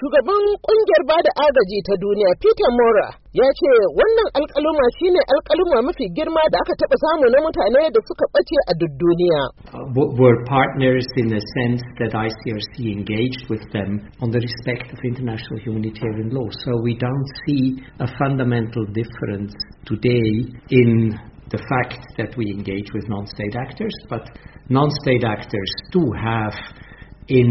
Shugaban kungiyar bada agaji ta duniya Peter Mora ya ce wannan alkaluma shine alkaluma mafi girma da aka samu na mutane da suka a duk duniya. We're partners in the sense that ICRC engaged with them on the respect of international humanitarian law. So we don't see a fundamental difference today in the fact that we engage with non-state actors, but non-state actors do have in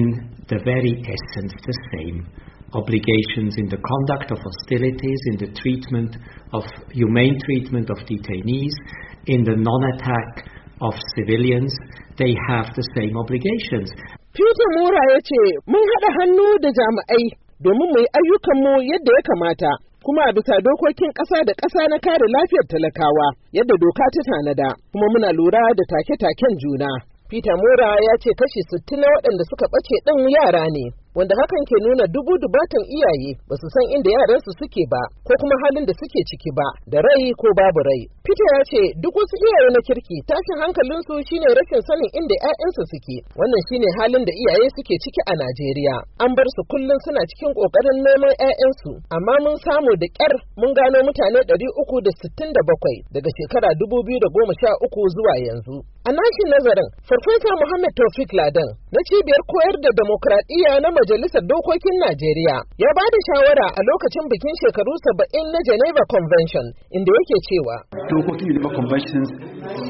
the very essence the same. Obligations in the conduct of hostilities, in the treatment of humane treatment of detainees, in the non-attack of civilians, they have the same obligations. Peter Mun haɗa hannu da jami'ai domin mu yi ayyukanmu yadda ya kamata, kuma a bisa dokokin ƙasa da ƙasa na kare lafiyar talakawa yadda doka ta tanada, kuma muna lura da take-taken juna. Peter Mora ya ce kashi sittin na waɗanda suka ɓace ɗin yara ne, wanda hakan ke nuna dubu dubatan iyaye ba su san inda yaransu suke ba, ko kuma halin da suke ciki ba, da rai ko babu rai. likita ya ce duk wasu iyaye na kirki tashin hankalinsu shine rashin sanin inda 'ya'yansu suke wannan shine halin da iyaye suke ciki a najeriya an bar su kullum suna cikin ƙoƙarin neman 'ya'yansu amma mun samu da ƙyar mun gano mutane uku da da sittin bakwai daga shekara dubu biyu da goma sha uku zuwa yanzu a nashin nazarin farfesa muhammad taufik ladan na cibiyar koyar da demokradiyya na majalisar dokokin najeriya ya ba da shawara a lokacin bikin shekaru 70 na geneva convention inda yake cewa To dokokin Geneva Conventions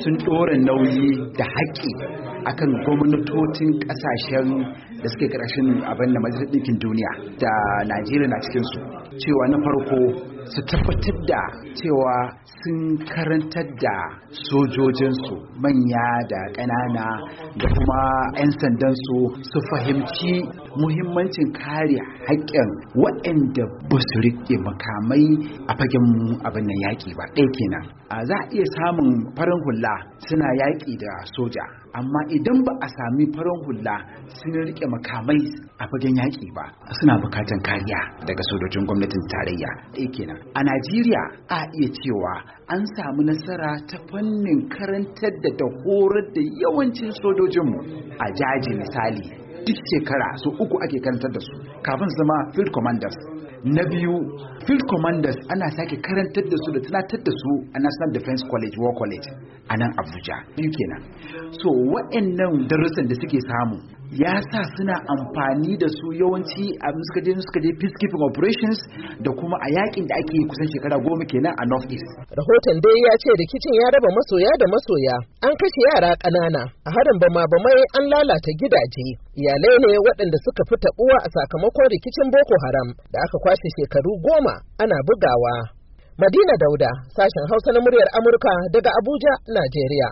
sun ɗora nauyi da haƙƙi akan gwamnatocin kasashen da suke karashin abin da majalisar ɗinkin duniya da najeriya na cikinsu cewa na farko su tabbatar da cewa sun karantar da sojojinsu manya da ƙanana da kuma 'yan sandansu su fahimci muhimmancin kare haƙƙin waɗanda ba su riƙe makamai a fagen abin nan yaƙi ba ɗaya kenan za a iya samun farin hula suna yaƙi da soja amma idan ba a sami farin hula sun rike makamai a fagen yaƙi ba suna bukatan kariya daga sojojin gwamnatin tarayya kenan a najeriya a iya cewa an samu nasara ta fannin karantar da ta horar da yawancin sojojinmu a jaji misali duk shekara su uku ake karantar da su kafin zama field commanders na biyu field commanders ana sake karantar da su da tunatar da su a national defense college war college a nan abuja biyu kenan so waɗannan darussan da suke samu ya sa suna amfani da su yawanci a suka je peacekeeping operations da kuma a yakin da ake kusan shekara goma kenan a north east rahoton dai ya ce rikicin ya raba masoya da masoya an kashe yara ƙanana a harin bama bamai an lalata gidaje iyalai ne waɗanda suka fi taɓuwa a sakamakon rikicin boko haram da aka kwashe shekaru goma ana bugawa madina dauda sashen hausa na muryar amurka daga abuja najeriya